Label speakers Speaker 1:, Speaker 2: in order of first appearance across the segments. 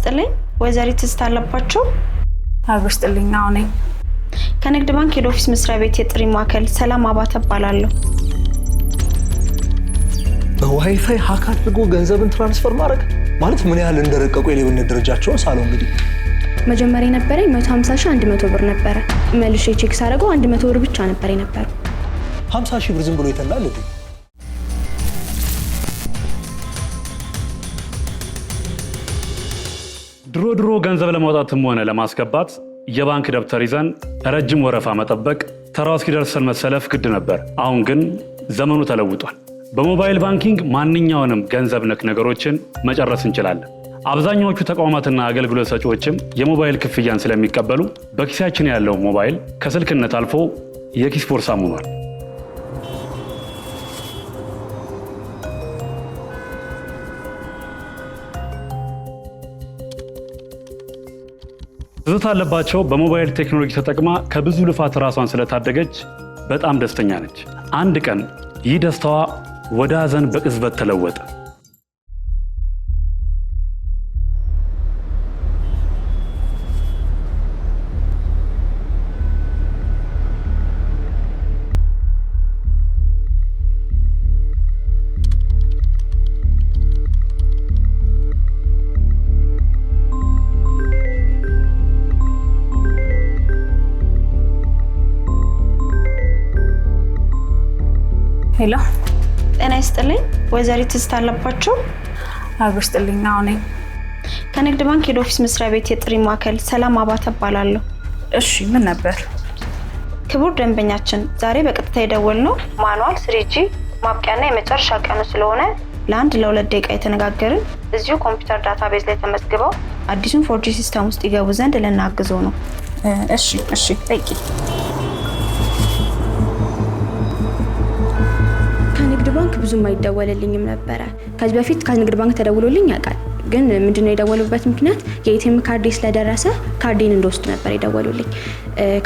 Speaker 1: ይስጥልኝ። ወይዘሪት ትዝታ አለባቸው
Speaker 2: አብሮ ይስጥልኝ። ነኝ
Speaker 1: ከንግድ ባንክ ሄድ ኦፊስ መስሪያ ቤት የጥሪ ማዕከል ሰላም አባተ እባላለሁ።
Speaker 3: በዋይፋይ ሀክ አድርጎ ገንዘብን ትራንስፈር ማድረግ ማለት ምን ያህል እንደረቀቁ የሌብነት ደረጃቸውን ሳለው እንግዲህ
Speaker 1: መጀመሪያ የነበረኝ 150 ሺህ 100 ብር ነበረ። መልሼ ቼክ ሳደርገው 100 ብር ብቻ ነበር የነበረው።
Speaker 3: 50 ሺህ ብር ዝም ብሎ የተላል
Speaker 4: ድሮ ድሮ ገንዘብ ለማውጣትም ሆነ ለማስገባት የባንክ ደብተር ይዘን ረጅም ወረፋ መጠበቅ፣ ተራው እስኪደርሰን መሰለፍ ግድ ነበር። አሁን ግን ዘመኑ ተለውጧል። በሞባይል ባንኪንግ ማንኛውንም ገንዘብ ነክ ነገሮችን መጨረስ እንችላለን። አብዛኛዎቹ ተቋማትና አገልግሎት ሰጪዎችም የሞባይል ክፍያን ስለሚቀበሉ በኪሳችን ያለው ሞባይል ከስልክነት አልፎ የኪስ ቦርሳም ሆኗል። ትዝታ አለባቸው በሞባይል ቴክኖሎጂ ተጠቅማ ከብዙ ልፋት ራሷን ስለታደገች በጣም ደስተኛ ነች። አንድ ቀን ይህ ደስታዋ ወደ ሐዘን በቅጽበት ተለወጠ።
Speaker 2: ሄሎ፣
Speaker 1: ጤና ይስጥልኝ ወይዘሪት ትዝታ አለባቸው።
Speaker 2: አብሮ ይስጥልኝ። አዎ ነኝ።
Speaker 1: ከንግድ ባንክ ሄድ ኦፊስ መስሪያ ቤት የጥሪ ማዕከል ሰላም አባተ እባላለሁ።
Speaker 2: እሺ፣ ምን ነበር?
Speaker 1: ክቡር ደንበኛችን ዛሬ በቀጥታ የደወልነው ማኑዋል ስሪጂ ማብቂያና የመጨረሻ ቀኑ ስለሆነ ለአንድ ለሁለት ደቂቃ የተነጋገርን እዚሁ ኮምፒውተር ዳታ ቤዝ ላይ ተመዝግበው አዲሱን ፎርጂ ሲስተም ውስጥ ይገቡ ዘንድ ልናግዘው ነው።
Speaker 2: እሺ እሺ፣ ጠይቂ
Speaker 1: ብዙም አይደወልልኝም ነበረ። ከዚህ በፊት ከንግድ ባንክ ተደውሎልኝ ያውቃል። ግን ምንድነው የደወሉበት ምክንያት የኤቲኤም ካርዴ ስለደረሰ ካርዴን እንደወስድ ነበር የደወሉልኝ።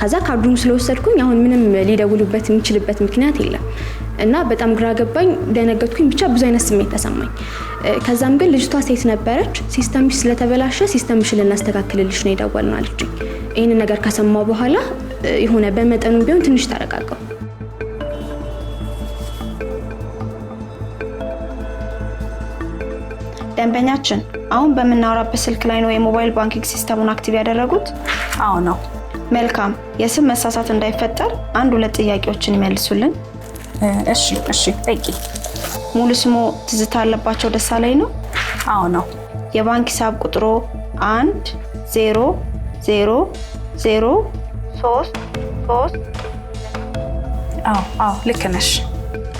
Speaker 1: ከዛ ካርዱን ስለወሰድኩኝ አሁን ምንም ሊደውሉበት የሚችልበት ምክንያት የለም እና በጣም ግራ ገባኝ፣ ደነገጥኩኝ። ብቻ ብዙ አይነት ስሜት ተሰማኝ። ከዛም ግን ልጅቷ ሴት ነበረች። ሲስተምሽ ስለተበላሸ ሲስተምሽን ልናስተካክልልሽ ነው የደወልነው አለችኝ። ይህንን ነገር ከሰማሁ በኋላ የሆነ በመጠኑ ቢሆን ትንሽ ተረጋጋሁ። ደንበኛችን አሁን በምናወራበት ስልክ ላይ ነው የሞባይል ባንኪንግ ሲስተሙን አክቲቭ ያደረጉት? አዎ ነው። መልካም። የስም መሳሳት እንዳይፈጠር አንድ ሁለት ጥያቄዎችን ይመልሱልን።
Speaker 2: እሺ፣ እሺ። ጠቂ
Speaker 1: ሙሉ ስሞ ትዝታ አለባቸው ላይ ነው? አዎ ነው። የባንክ ሂሳብ ቁጥሮ አንድ ዜሮ ዜሮ ዜሮ ሶስት ሶስት
Speaker 2: አዎ፣ አዎ ልክ ነሽ።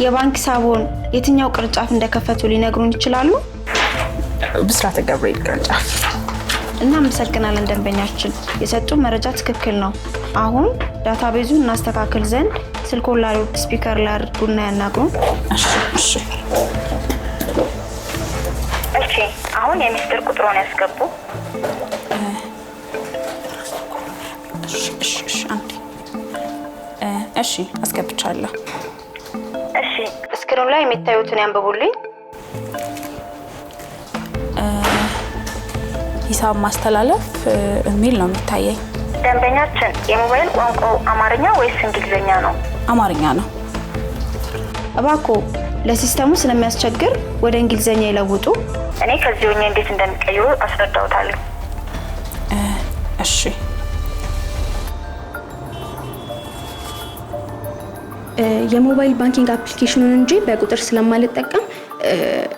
Speaker 1: የባንክ ሂሳቡን የትኛው ቅርንጫፍ እንደከፈቱ ሊነግሩን ይችላሉ?
Speaker 2: ብስራተ ገብርኤል ቅርንጫፍ።
Speaker 1: እናመሰግናለን ደንበኛችን፣ የሰጡ መረጃ ትክክል ነው። አሁን ዳታቤዙ እናስተካክል ዘንድ ስልኮን ላውድ ስፒከር ላይ አድርጉና ያናግሩን። እሺ፣ አሁን የሚስጥር ቁጥሮን ያስገቡ።
Speaker 2: እሺ፣ አስገብቻለሁ።
Speaker 1: እሺ፣ እስክሪኑ ላይ የሚታዩትን ያንብቡልኝ።
Speaker 2: ሂሳብ ማስተላለፍ የሚል ነው የሚታየኝ።
Speaker 1: ደንበኛችን የሞባይል ቋንቋው አማርኛ ወይስ እንግሊዝኛ ነው? አማርኛ ነው። እባኮ ለሲስተሙ ስለሚያስቸግር ወደ እንግሊዝኛ ይለውጡ። እኔ ከዚህ ሆኜ እንዴት እንደሚቀይሩ አስረዳውታለሁ። እሺ። የሞባይል ባንኪንግ አፕሊኬሽኑን እንጂ በቁጥር ስለማልጠቀም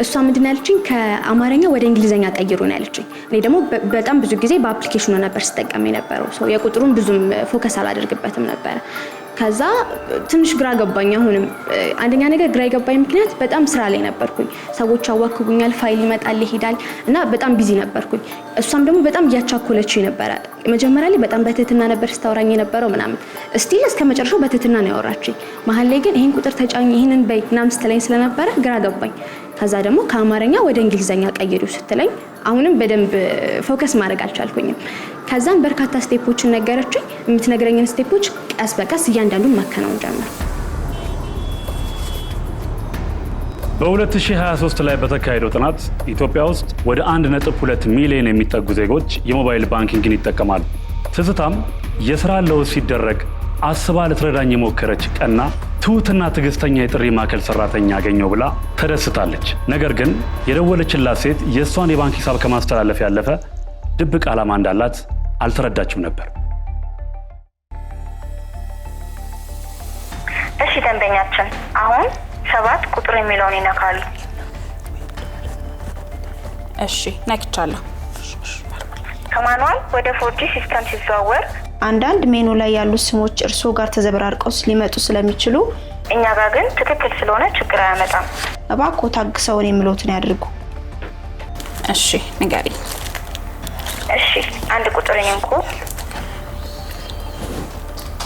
Speaker 1: እሷ ምንድን ያለችኝ ከአማርኛ ወደ እንግሊዝኛ ቀይሩ ነው ያለችኝ። እኔ ደግሞ በጣም ብዙ ጊዜ በአፕሊኬሽኑ ነበር ስጠቀም የነበረው የቁጥሩን ብዙም ፎከስ አላደርግበትም ነበረ። ከዛ ትንሽ ግራ ገባኝ። አሁንም አንደኛ ነገር ግራ የገባኝ ምክንያት በጣም ስራ ላይ ነበርኩኝ። ሰዎች አዋክቡኛል፣ ፋይል ይመጣል ይሄዳል፣ እና በጣም ቢዚ ነበርኩኝ። እሷም ደግሞ በጣም እያቻኮለችው ነበረ። መጀመሪያ ላይ በጣም በትህትና ነበር ስታወራኝ የነበረው ምናምን። እስቲል እስከ መጨረሻው በትህትና ነው ያወራችኝ። መሀል ላይ ግን ይህን ቁጥር ተጫኝ፣ ይህንን በይ ምናምን ስትለኝ ስለነበረ ግራ ገባኝ። ከዛ ደግሞ ከአማርኛ ወደ እንግሊዘኛ ቀይሪው ስትለኝ አሁንም በደንብ ፎከስ ማድረግ አልቻልኩኝም። ከዛም በርካታ ስቴፖችን ነገረችኝ። የምትነግረኝን ስቴፖች ቀስ በቀስ እያንዳንዱን ማከናወን ጀመር።
Speaker 4: በ2023 ላይ በተካሄደው ጥናት ኢትዮጵያ ውስጥ ወደ 1.2 ሚሊዮን የሚጠጉ ዜጎች የሞባይል ባንኪንግን ይጠቀማሉ። ትዝታም የስራ ለውጥ ሲደረግ አስባ ልትረዳኝ የሞከረች ቀና ትሁትና ትዕግስተኛ የጥሪ ማዕከል ሰራተኛ አገኘው ብላ ተደስታለች። ነገር ግን የደወለችላት ሴት የእሷን የባንክ ሂሳብ ከማስተላለፍ ያለፈ ድብቅ ዓላማ እንዳላት አልተረዳችም ነበር።
Speaker 1: እሺ ደንበኛችን፣ አሁን ሰባት ቁጥር የሚለውን ይነካሉ።
Speaker 2: እሺ ነክቻለሁ።
Speaker 1: ከማኑዋል ወደ ፎርጂ ሲስተም ሲዘዋወር አንዳንድ ሜኑ ላይ ያሉ ስሞች እርስዎ ጋር ተዘበራርቀው ሊመጡ ስለሚችሉ እኛ ጋር ግን ትክክል ስለሆነ ችግር አያመጣም። እባክዎ ታግሰውን የምሎትን ያድርጉ።
Speaker 2: እሺ ንገሪ።
Speaker 1: እሺ አንድ ቁጥርኝ እንኩ።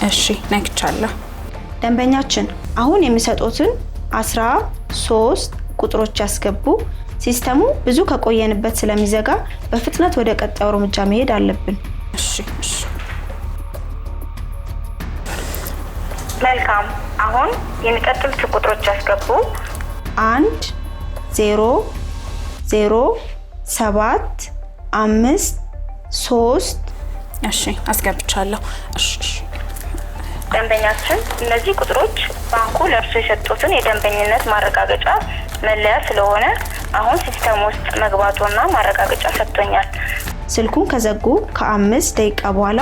Speaker 2: እሺ ነግቻለሁ።
Speaker 1: ደንበኛችን አሁን የሚሰጡትን አስራ ሶስት ቁጥሮች ያስገቡ። ሲስተሙ ብዙ ከቆየንበት ስለሚዘጋ በፍጥነት ወደ ቀጣዩ እርምጃ መሄድ አለብን። እሺ እሺ መልካም አሁን የሚቀጥሉት ቁጥሮች ያስገቡ። አንድ ዜሮ ዜሮ ሰባት አምስት ሶስት
Speaker 2: እሺ፣ አስገብቻለሁ።
Speaker 1: ደንበኛችን እነዚህ ቁጥሮች ባንኩ ለእርሱ የሰጡትን የደንበኝነት ማረጋገጫ መለያ ስለሆነ አሁን ሲስተም ውስጥ መግባቱና ማረጋገጫ ሰጥቶኛል። ስልኩን ከዘጉ ከአምስት ደቂቃ በኋላ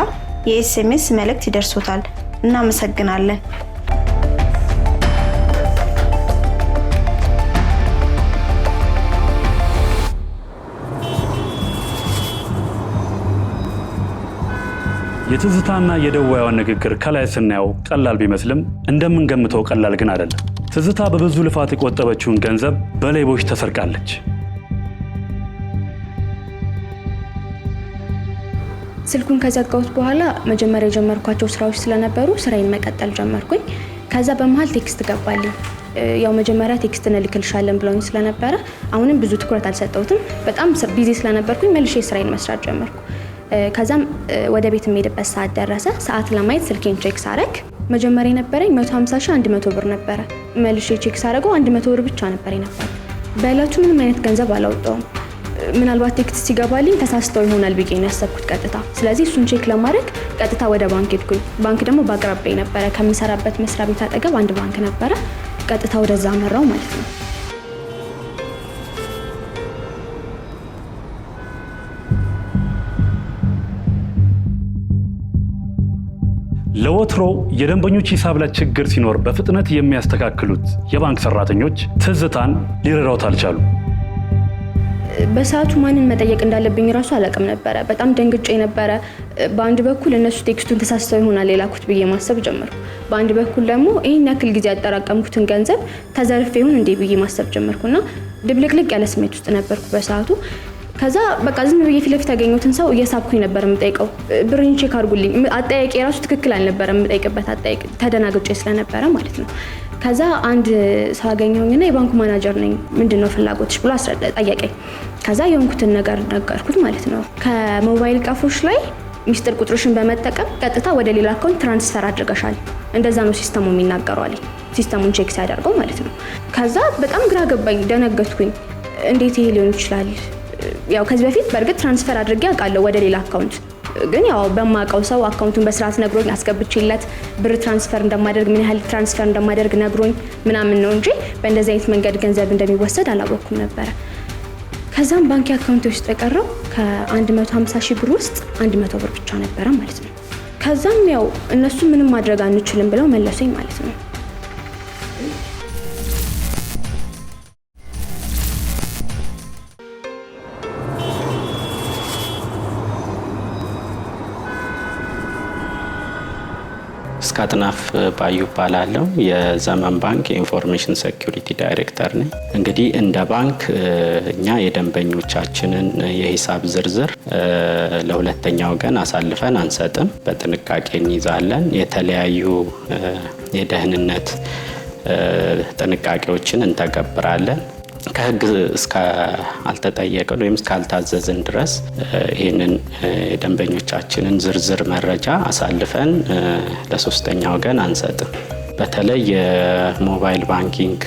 Speaker 1: የኤስኤምኤስ መልእክት ይደርሶታል። እናመሰግናለን።
Speaker 4: የትዝታና የደዋያዋን ንግግር ከላይ ስናየው ቀላል ቢመስልም እንደምንገምተው ቀላል ግን አይደለም። ትዝታ በብዙ ልፋት የቆጠበችውን ገንዘብ በሌቦች ተሰርቃለች።
Speaker 1: ስልኩን ከዘጋሁት በኋላ መጀመሪያ የጀመርኳቸው ስራዎች ስለነበሩ ስራዬን መቀጠል ጀመርኩኝ። ከዛ በመሀል ቴክስት ገባልኝ። ያው መጀመሪያ ቴክስት እንልክልሻለን ብለውኝ ስለነበረ አሁንም ብዙ ትኩረት አልሰጠሁትም። በጣም ቢዚ ስለነበርኩኝ መልሼ ስራዬን መስራት ጀመርኩ። ከዛም ወደ ቤት የምሄድበት ሰዓት ደረሰ። ሰዓት ለማየት ስልኬን ቼክ ሳረግ መጀመሪያ የነበረኝ 150 ሺህ 100 ብር ነበረ። መልሼ ቼክ ሳረገው 100 ብር ብቻ ነበር የነበረ። በእለቱ ምንም አይነት ገንዘብ አላወጣውም። ምናልባት ቴክስት ሲገባልኝ ተሳስተው ይሆናል ብዬ ያሰብኩት ቀጥታ። ስለዚህ እሱን ቼክ ለማድረግ ቀጥታ ወደ ባንክ ሄድኩኝ። ባንክ ደግሞ በአቅራቢያ ነበረ፣ ከምሰራበት መስሪያ ቤት አጠገብ አንድ ባንክ ነበረ። ቀጥታ ወደዛ አመራው ማለት ነው።
Speaker 4: ለወትሮ የደንበኞች ሂሳብ ላይ ችግር ሲኖር በፍጥነት የሚያስተካክሉት የባንክ ሰራተኞች ትዝታን ሊረዳውት አልቻሉ።
Speaker 1: በሰዓቱ ማንን መጠየቅ እንዳለብኝ ራሱ አላውቅም ነበረ። በጣም ደንግጬ ነበረ። በአንድ በኩል እነሱ ቴክስቱን ተሳስተው ይሆናል የላኩት ብዬ ማሰብ ጀመርኩ። በአንድ በኩል ደግሞ ይህን ያክል ጊዜ ያጠራቀምኩትን ገንዘብ ተዘርፌ ይሆን እንዴ ብዬ ማሰብ ጀመርኩና ድብልቅልቅ ያለ ስሜት ውስጥ ነበርኩ በሰዓቱ። ከዛ በቃ ዝም ብዬ ፊት ለፊት ያገኘሁትን ሰው እየሳብኩኝ ነበር የምጠይቀው። ብርን ቼክ አድርጉልኝ። አጠያቂ የራሱ ትክክል አልነበረ የምጠይቅበት አጠያቂ፣ ተደናግጬ ስለነበረ ማለት ነው። ከዛ አንድ ሰው አገኘሁኝና የባንኩ ማናጀር ነኝ ምንድን ነው ፍላጎትሽ ብሎ ጠየቀኝ። ከዛ የሆንኩትን ነገር ነገርኩት ማለት ነው። ከሞባይል ቀፎች ላይ ሚስጥር ቁጥሮሽን በመጠቀም ቀጥታ ወደ ሌላ አካውንት ትራንስፈር አድርገሻል፣ እንደዛ ነው ሲስተሙ የሚናገረው አለኝ። ሲስተሙን ቼክ ሲያደርገው ማለት ነው። ከዛ በጣም ግራ ገባኝ፣ ደነገጥኩኝ። እንዴት ይሄ ሊሆን ይችላል? ያው ከዚህ በፊት በእርግጥ ትራንስፈር አድርጌ አውቃለሁ ወደ ሌላ አካውንት ግን ያው በማውቀው ሰው አካውንቱን በስርዓት ነግሮኝ አስገብቼለት ብር ትራንስፈር እንደማደርግ ምን ያህል ትራንስፈር እንደማደርግ ነግሮኝ ምናምን ነው እንጂ በእንደዚህ አይነት መንገድ ገንዘብ እንደሚወሰድ አላወቅኩም ነበረ። ከዛም ባንክ አካውንቴ ውስጥ የቀረው ከ150 ሺህ ብር ውስጥ 100 ብር ብቻ ነበረ ማለት ነው። ከዛም ያው እነሱ ምንም ማድረግ አንችልም ብለው መለሱኝ ማለት ነው።
Speaker 5: ይስሐቅ አጥናፍ ባዩ እባላለሁ። የዘመን ባንክ የኢንፎርሜሽን ሴኩሪቲ ዳይሬክተር ነኝ። እንግዲህ እንደ ባንክ እኛ የደንበኞቻችንን የሂሳብ ዝርዝር ለሁለተኛ ወገን አሳልፈን አንሰጥም፣ በጥንቃቄ እንይዛለን። የተለያዩ የደህንነት ጥንቃቄዎችን እንተገብራለን። ከህግ እስካልተጠየቅን ወይም እስካልታዘዝን ድረስ ይህንን የደንበኞቻችንን ዝርዝር መረጃ አሳልፈን ለሶስተኛ ወገን አንሰጥም። በተለይ የሞባይል ባንኪንግ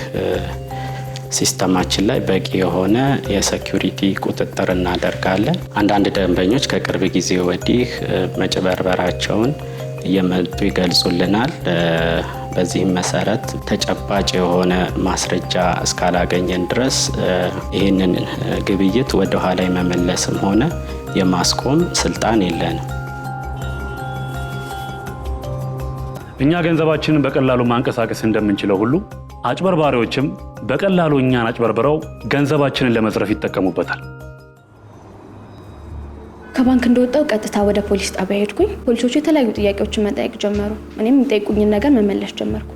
Speaker 5: ሲስተማችን ላይ በቂ የሆነ የሰኪሪቲ ቁጥጥር እናደርጋለን። አንዳንድ ደንበኞች ከቅርብ ጊዜ ወዲህ መጭበርበራቸውን እየመጡ ይገልጹልናል። በዚህም መሰረት ተጨባጭ የሆነ ማስረጃ እስካላገኘን ድረስ ይህንን ግብይት ወደኋላ የመመለስም ሆነ የማስቆም ስልጣን የለንም።
Speaker 4: እኛ ገንዘባችንን በቀላሉ ማንቀሳቀስ እንደምንችለው ሁሉ አጭበርባሪዎችም በቀላሉ እኛን አጭበርብረው ገንዘባችንን ለመዝረፍ ይጠቀሙበታል።
Speaker 1: ከባንክ እንደወጣው ቀጥታ ወደ ፖሊስ ጣቢያ ሄድኩኝ። ፖሊሶቹ የተለያዩ ጥያቄዎችን መጠየቅ ጀመሩ። እኔም የሚጠይቁኝን ነገር መመለስ ጀመርኩ።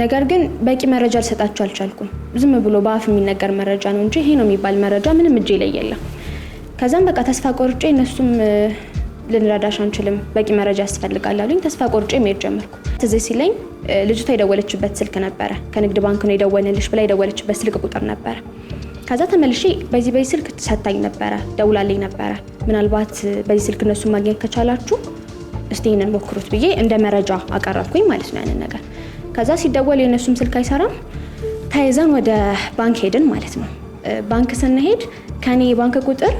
Speaker 1: ነገር ግን በቂ መረጃ ልሰጣቸው አልቻልኩም። ዝም ብሎ በአፍ የሚነገር መረጃ ነው እንጂ ይሄ ነው የሚባል መረጃ ምንም እጄ ላይ የለም። ከዛም በቃ ተስፋ ቆርጬ እነሱም ልንረዳሽ አንችልም፣ በቂ መረጃ ያስፈልጋል አሉኝ። ተስፋ ቆርጬ መሄድ ጀመርኩ። ትዝ ሲለኝ ልጅቷ የደወለችበት ስልክ ነበረ። ከንግድ ባንክ ነው የደወልንልሽ ብላ የደወለችበት ስልክ ቁጥር ነበረ። ከዛ ተመልሼ በዚህ በዚህ ስልክ ሰታኝ ነበረ ደውላልኝ ነበረ። ምናልባት በዚህ ስልክ እነሱን ማግኘት ከቻላችሁ እስቲ ይህንን ሞክሩት ብዬ እንደ መረጃ አቀረብኩኝ ማለት ነው ያንን ነገር። ከዛ ሲደወል የእነሱም ስልክ አይሰራም። ተይዘን ወደ ባንክ ሄድን ማለት ነው። ባንክ ስንሄድ ከኔ የባንክ ቁጥር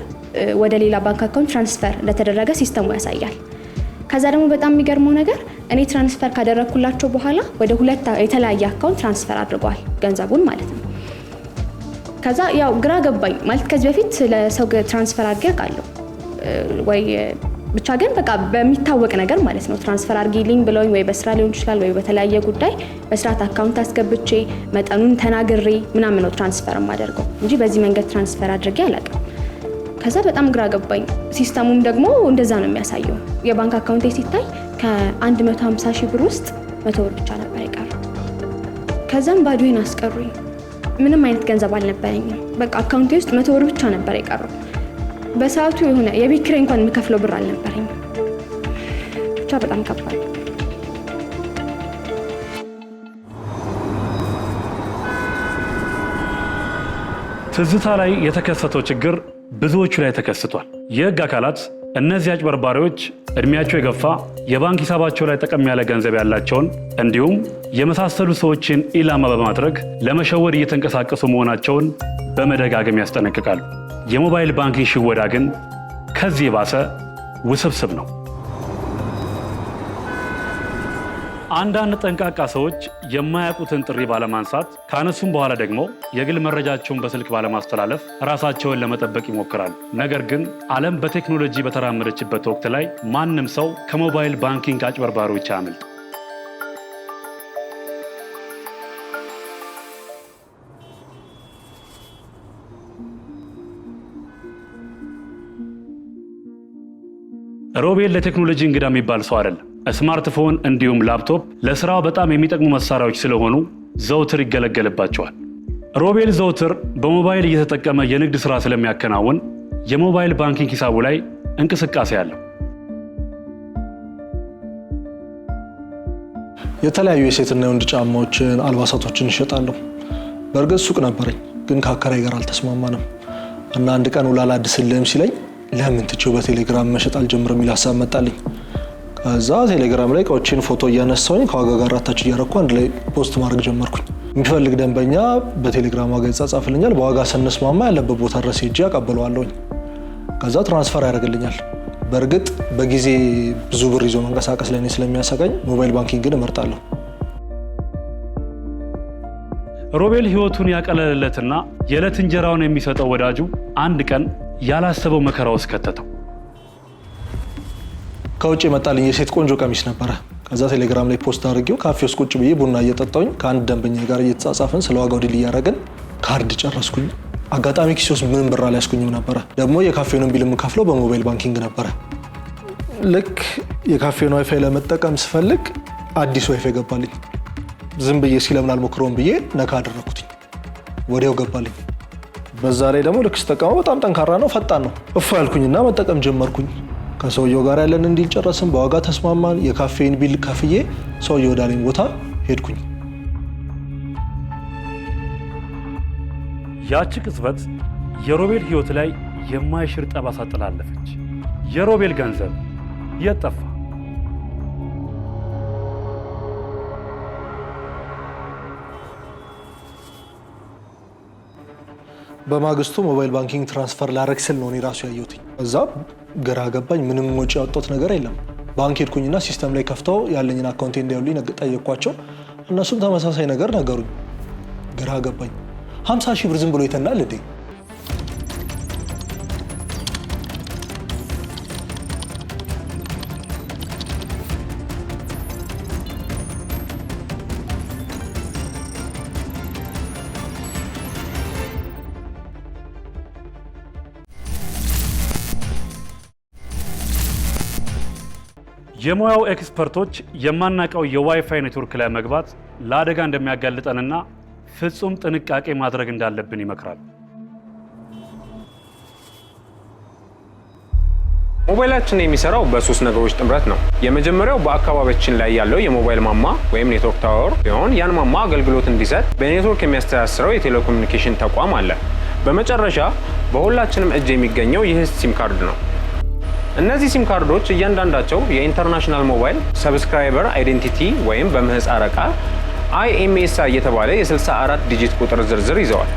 Speaker 1: ወደ ሌላ ባንክ አካውንት ትራንስፈር እንደተደረገ ሲስተሙ ያሳያል። ከዛ ደግሞ በጣም የሚገርመው ነገር እኔ ትራንስፈር ካደረግኩላቸው በኋላ ወደ ሁለት የተለያየ አካውንት ትራንስፈር አድርገዋል ገንዘቡን ማለት ነው። ከዛ ያው ግራ ገባኝ ማለት ከዚህ በፊት ለሰው ትራንስፈር አድርጌ አውቃለሁ ወይ ብቻ ግን በቃ በሚታወቅ ነገር ማለት ነው ትራንስፈር አድርጊልኝ ብለውኝ ወይ በስራ ሊሆን ይችላል ወይ በተለያየ ጉዳይ በስርዓት አካውንት አስገብቼ መጠኑን ተናግሬ ምናምን ነው ትራንስፈር የማደርገው እንጂ በዚህ መንገድ ትራንስፈር አድርጌ አላውቅም። ከዛ በጣም ግራ ገባኝ። ሲስተሙም ደግሞ እንደዛ ነው የሚያሳየው። የባንክ አካውንቴ ሲታይ ከ150 ሺህ ብር ውስጥ መቶ ብር ብቻ ነበር የቀረው። ከዛም ባዶዬን አስቀሩኝ። ምንም አይነት ገንዘብ አልነበረኝም። በቃ አካውንቴ ውስጥ መቶ ብር ብቻ ነበር የቀረው። በሰዓቱ የሆነ የቤት ኪራይ እንኳን የምከፍለው ብር አልነበረኝም። ብቻ በጣም ከባድ
Speaker 4: ትዝታ ላይ የተከሰተው ችግር ብዙዎቹ ላይ ተከስቷል። የህግ አካላት እነዚህ አጭበርባሪዎች ዕድሜያቸው የገፋ የባንክ ሂሳባቸው ላይ ጠቀም ያለ ገንዘብ ያላቸውን እንዲሁም የመሳሰሉ ሰዎችን ኢላማ በማድረግ ለመሸወድ እየተንቀሳቀሱ መሆናቸውን በመደጋገም ያስጠነቅቃሉ። የሞባይል ባንኪንግ ሽወዳ ግን ከዚህ የባሰ ውስብስብ ነው። አንዳንድ ጠንቃቃ ሰዎች የማያውቁትን ጥሪ ባለማንሳት ካነሱም በኋላ ደግሞ የግል መረጃቸውን በስልክ ባለማስተላለፍ ራሳቸውን ለመጠበቅ ይሞክራሉ። ነገር ግን ዓለም በቴክኖሎጂ በተራመደችበት ወቅት ላይ ማንም ሰው ከሞባይል ባንኪንግ አጭበርባሪዎች አያመልጥ። ሮቤል ለቴክኖሎጂ እንግዳ የሚባል ሰው አይደለም። ስማርትፎን እንዲሁም ላፕቶፕ ለስራው በጣም የሚጠቅሙ መሳሪያዎች ስለሆኑ ዘውትር ይገለገልባቸዋል። ሮቤል ዘውትር በሞባይል እየተጠቀመ የንግድ ስራ ስለሚያከናውን የሞባይል ባንኪንግ ሂሳቡ ላይ እንቅስቃሴ አለው።
Speaker 6: የተለያዩ የሴትና የወንድ ጫማዎችን፣ አልባሳቶችን ይሸጣለሁ። በእርግጥ ሱቅ ነበረኝ፣ ግን ከአከራይ ጋር አልተስማማንም እና አንድ ቀን ውላላ አድስልህም ሲለኝ ለምን ትችው በቴሌግራም መሸጥ አልጀምርም የሚል ሀሳብ መጣልኝ። እዛ ቴሌግራም ላይ እቃዎችን ፎቶ እያነሳውኝ ከዋጋ ጋር አታች እያረኩ አንድ ላይ ፖስት ማድረግ ጀመርኩኝ። የሚፈልግ ደንበኛ በቴሌግራም ዋጋ ይጻጻፍልኛል። በዋጋ ስንስማማ ያለበት ቦታ ድረስ ሄጄ አቀብለዋለሁኝ። ከዛ ትራንስፈር ያደርግልኛል። በእርግጥ በጊዜ ብዙ ብር ይዞ መንቀሳቀስ ለእኔ ስለሚያሰቀኝ ሞባይል ባንኪንግን እመርጣለሁ።
Speaker 4: ሮቤል ህይወቱን ያቀለለለትና የዕለት እንጀራውን የሚሰጠው ወዳጁ አንድ ቀን ያላሰበው መከራ ውስጥ ከተተው።
Speaker 6: ከውጭ የመጣልኝ የሴት ቆንጆ ቀሚስ ነበረ። ከዛ ቴሌግራም ላይ ፖስት አድርጌው ካፌ ውስጥ ቁጭ ብዬ ቡና እየጠጣውኝ ከአንድ ደንበኛ ጋር እየተጻጻፍን ስለ ዋጋው ድል እያደረግን ካርድ ጨረስኩኝ። አጋጣሚ ኪሴ ውስጥ ምንም ብር አልያዝኩኝም ነበረ። ደግሞ የካፌውንም ቢል የምከፍለው በሞባይል ባንኪንግ ነበረ። ልክ የካፌውን ዋይፋይ ለመጠቀም ስፈልግ አዲስ ዋይፋይ ገባልኝ። ዝም ብዬ ሲለምን አልሞክረውም ብዬ ነካ አደረኩትኝ። ወዲያው ገባልኝ። በዛ ላይ ደግሞ ልክ ስጠቀመው በጣም ጠንካራ ነው፣ ፈጣን ነው። እፎ ያልኩኝና መጠቀም ጀመርኩኝ። ከሰውየው ጋር ያለን እንዲጨረስም በዋጋ ተስማማን። የካፌን ቢል ከፍዬ ሰውየ ወዳለኝ ቦታ ሄድኩኝ።
Speaker 4: ያቺ ቅጽበት የሮቤል ሕይወት ላይ የማይሽር ጠባሳ ጥላለፈች። የሮቤል ገንዘብ የጠፋ
Speaker 6: በማግስቱ ሞባይል ባንኪንግ ትራንስፈር ላረግ ስል ነው እኔ ራሱ ያየሁት። እዛ ግራ ገባኝ። ምንም ወጪ ያወጣሁት ነገር የለም። ባንክ ሄድኩኝና ሲስተም ላይ ከፍተው ያለኝን አካውንት እንዲያዩልኝ ጠየቅኳቸው። እነሱም ተመሳሳይ ነገር ነገሩኝ። ግራ ገባኝ። 50 ሺህ ብር ዝም ብሎ ይተናል እንዴ?
Speaker 4: የሙያው ኤክስፐርቶች የማናቀው የዋይፋይ ኔትወርክ ላይ መግባት ለአደጋ እንደሚያጋልጠንና ፍጹም ጥንቃቄ ማድረግ እንዳለብን ይመክራል።
Speaker 7: ሞባይላችን የሚሰራው በሶስት ነገሮች ጥምረት ነው። የመጀመሪያው በአካባቢያችን ላይ ያለው የሞባይል ማማ ወይም ኔትወርክ ታወር ሲሆን ያን ማማ አገልግሎት እንዲሰጥ በኔትወርክ የሚያስተሳስረው የቴሌኮሙኒኬሽን ተቋም አለ። በመጨረሻ በሁላችንም እጅ የሚገኘው ይህ ሲም ካርድ ነው። እነዚህ ሲም ካርዶች እያንዳንዳቸው የኢንተርናሽናል ሞባይል ሰብስክራይበር አይዴንቲቲ ወይም በምህፃረ ቃል አይኤምኤስ የተባለ የ64 ዲጂት ቁጥር ዝርዝር ይዘዋል።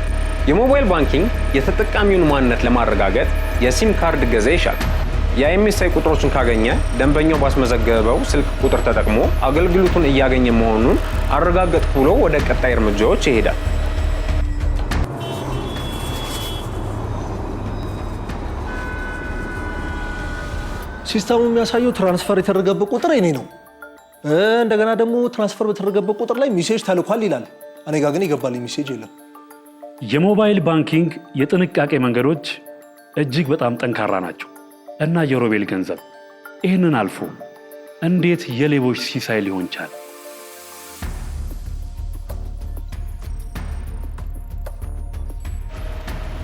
Speaker 7: የሞባይል ባንኪንግ የተጠቃሚውን ማንነት ለማረጋገጥ የሲም ካርድ ገዛ ይሻል። የአይኤምኤስአይ ቁጥሮቹን ካገኘ ደንበኛው ባስመዘገበው ስልክ ቁጥር ተጠቅሞ አገልግሎቱን እያገኘ መሆኑን አረጋገጥ ብሎ ወደ ቀጣይ እርምጃዎች ይሄዳል።
Speaker 6: ሲስተሙ የሚያሳየው ትራንስፈር የተደረገበት ቁጥር የኔ ነው። እንደገና ደግሞ ትራንስፈር በተደረገበት ቁጥር ላይ ሚሴጅ ተልኳል ይላል። እኔ ጋ ግን ይገባል ሚሴጅ የለም።
Speaker 4: የሞባይል ባንኪንግ የጥንቃቄ መንገዶች እጅግ በጣም ጠንካራ ናቸው እና የሮቤል ገንዘብ ይህንን አልፎ እንዴት የሌቦች ሲሳይ ሊሆን ቻል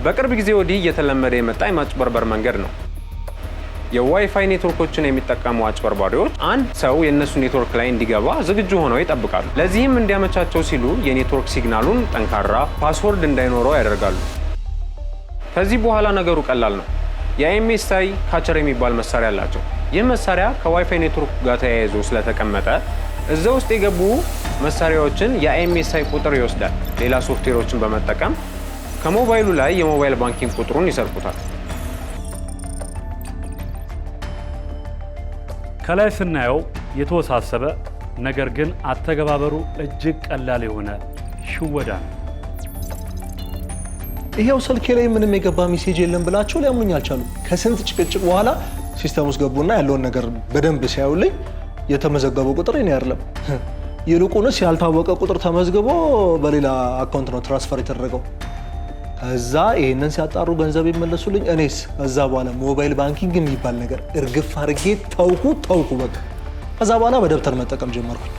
Speaker 7: በቅርብ ጊዜ ወዲህ እየተለመደ የመጣ የማጭበርበር መንገድ ነው። የዋይፋይ ኔትወርኮችን የሚጠቀሙ አጭበርባሪዎች አንድ ሰው የእነሱ ኔትወርክ ላይ እንዲገባ ዝግጁ ሆነው ይጠብቃሉ። ለዚህም እንዲያመቻቸው ሲሉ የኔትወርክ ሲግናሉን ጠንካራ ፓስወርድ እንዳይኖረው ያደርጋሉ። ከዚህ በኋላ ነገሩ ቀላል ነው። የኤምኤስአይ ካቸር የሚባል መሳሪያ አላቸው። ይህ መሳሪያ ከዋይፋይ ኔትወርክ ጋር ተያይዞ ስለተቀመጠ እዛ ውስጥ የገቡ መሳሪያዎችን የአይኤምኤስአይ ቁጥር ይወስዳል። ሌላ ሶፍትዌሮችን በመጠቀም ከሞባይሉ ላይ የሞባይል ባንኪንግ ቁጥሩን ይሰርቁታል።
Speaker 4: ከላይ ስናየው የተወሳሰበ ነገር ግን አተገባበሩ እጅግ ቀላል የሆነ ሽወዳ ነው።
Speaker 6: ይሄው ስልኬ ላይ ምንም የገባ ሜሴጅ የለም ብላቸው ሊያምኑኝ አልቻሉ። ከስንት ጭቅጭቅ በኋላ ሲስተም ውስጥ ገቡና ያለውን ነገር በደንብ ሲያዩልኝ የተመዘገበው ቁጥር እኔ አይደለም፣ ይልቁንስ ያልታወቀ ቁጥር ተመዝግቦ በሌላ አካውንት ነው ትራንስፈር የተደረገው። እዛ ይህንን ሲያጣሩ ገንዘብ የመለሱልኝ። እኔስ ከዛ በኋላ ሞባይል ባንኪንግ የሚባል ነገር እርግፍ አድርጌ ተውኩ ተውኩ በቃ። ከዛ በኋላ በደብተር መጠቀም ጀመርኩኝ።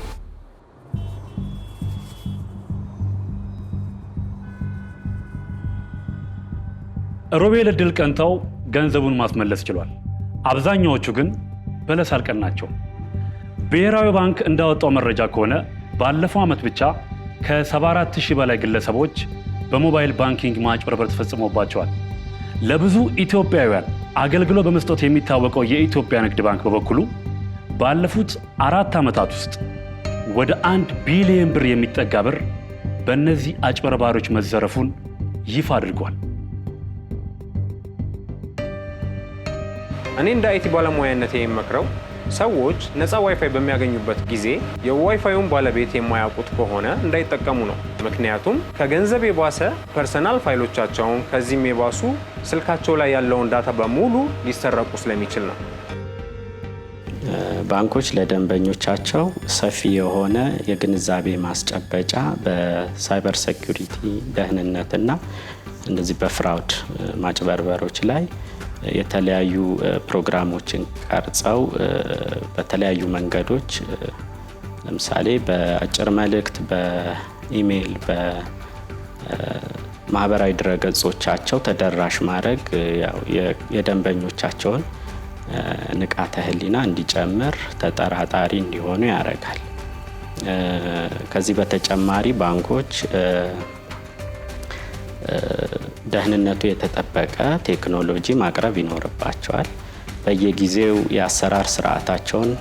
Speaker 4: ሮቤል እድል ቀንተው ገንዘቡን ማስመለስ ችሏል። አብዛኛዎቹ ግን በለስ አልቀናቸው። ብሔራዊ ባንክ እንዳወጣው መረጃ ከሆነ ባለፈው ዓመት ብቻ ከ 74000 ሺህ በላይ ግለሰቦች በሞባይል ባንኪንግ ማጭበርበር ተፈጽሞባቸዋል። ለብዙ ኢትዮጵያውያን አገልግሎት በመስጠት የሚታወቀው የኢትዮጵያ ንግድ ባንክ በበኩሉ ባለፉት አራት ዓመታት ውስጥ ወደ አንድ ቢሊየን ብር የሚጠጋ ብር በእነዚህ አጭበርባሪዎች መዘረፉን ይፋ አድርጓል።
Speaker 7: እኔ እንደ አይቲ ባለሙያነት የምመክረው ሰዎች ነፃ ዋይፋይ በሚያገኙበት ጊዜ የዋይፋዩን ባለቤት የማያውቁት ከሆነ እንዳይጠቀሙ ነው። ምክንያቱም ከገንዘብ የባሰ ፐርሰናል ፋይሎቻቸውን ከዚህም የባሱ ስልካቸው ላይ ያለውን ዳታ በሙሉ ሊሰረቁ ስለሚችል ነው።
Speaker 5: ባንኮች ለደንበኞቻቸው ሰፊ የሆነ የግንዛቤ ማስጨበጫ በሳይበር ሴኩሪቲ ደህንነትና እንደዚህ በፍራውድ ማጭበርበሮች ላይ የተለያዩ ፕሮግራሞችን ቀርጸው በተለያዩ መንገዶች ለምሳሌ በአጭር መልእክት፣ በኢሜይል፣ በማህበራዊ ድረገጾቻቸው ተደራሽ ማድረግ የደንበኞቻቸውን ንቃተ ህሊና እንዲጨምር ተጠራጣሪ እንዲሆኑ ያደርጋል። ከዚህ በተጨማሪ ባንኮች ደህንነቱ የተጠበቀ ቴክኖሎጂ ማቅረብ ይኖርባቸዋል። በየጊዜው የአሰራር ስርዓታቸውን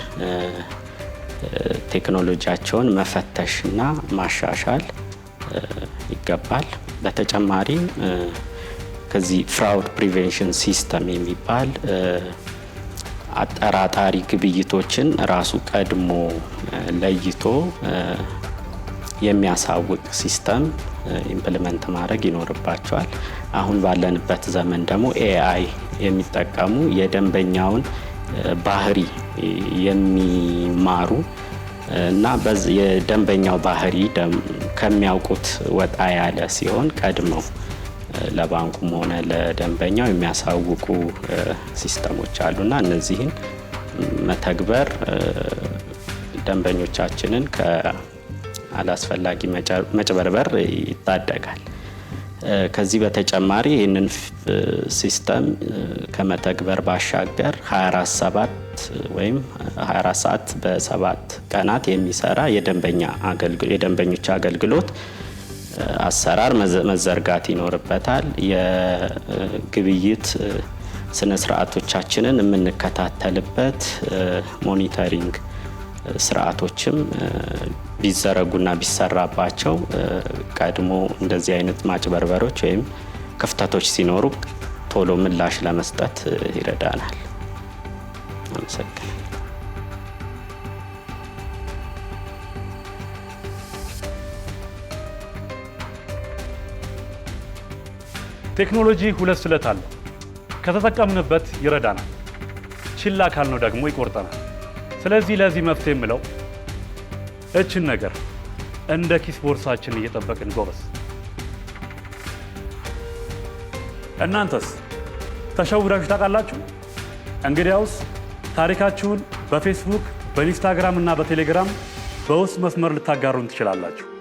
Speaker 5: ቴክኖሎጂያቸውን መፈተሽ እና ማሻሻል ይገባል። በተጨማሪም ከዚህ ፍራውድ ፕሪቬንሽን ሲስተም የሚባል አጠራጣሪ ግብይቶችን ራሱ ቀድሞ ለይቶ የሚያሳውቅ ሲስተም ኢምፕሊመንት ማድረግ ይኖርባቸዋል። አሁን ባለንበት ዘመን ደግሞ ኤአይ የሚጠቀሙ የደንበኛውን ባህሪ የሚማሩ እና የደንበኛው ባህሪ ከሚያውቁት ወጣ ያለ ሲሆን ቀድመው ለባንኩም ሆነ ለደንበኛው የሚያሳውቁ ሲስተሞች አሉና እነዚህን መተግበር ደንበኞቻችንን አላስፈላጊ መጭበርበር ይታደጋል። ከዚህ በተጨማሪ ይህንን ሲስተም ከመተግበር ባሻገር 247 ወይም 24 ሰዓት በሰባት ቀናት የሚሰራ የደንበኞች አገልግሎት አሰራር መዘርጋት ይኖርበታል። የግብይት ስነስርዓቶቻችንን የምንከታተልበት ሞኒተሪንግ ስርዓቶችም ቢዘረጉና ቢሰራባቸው ቀድሞ እንደዚህ አይነት ማጭበርበሮች ወይም ክፍተቶች ሲኖሩ ቶሎ ምላሽ ለመስጠት ይረዳናል። አመሰግናለሁ።
Speaker 4: ቴክኖሎጂ ሁለት ስለት አለው። ከተጠቀምንበት ይረዳናል፣ ችላ ካልነው ደግሞ ይቆርጠናል። ስለዚህ ለዚህ መፍትሄ የምለው እችን ነገር እንደ ኪስ ቦርሳችን እየጠበቅን ጎበዝ። እናንተስ ተሸውዳችሁ ታውቃላችሁ? እንግዲያውስ ታሪካችሁን በፌስቡክ በኢንስታግራም እና በቴሌግራም በውስጥ መስመር ልታጋሩን ትችላላችሁ።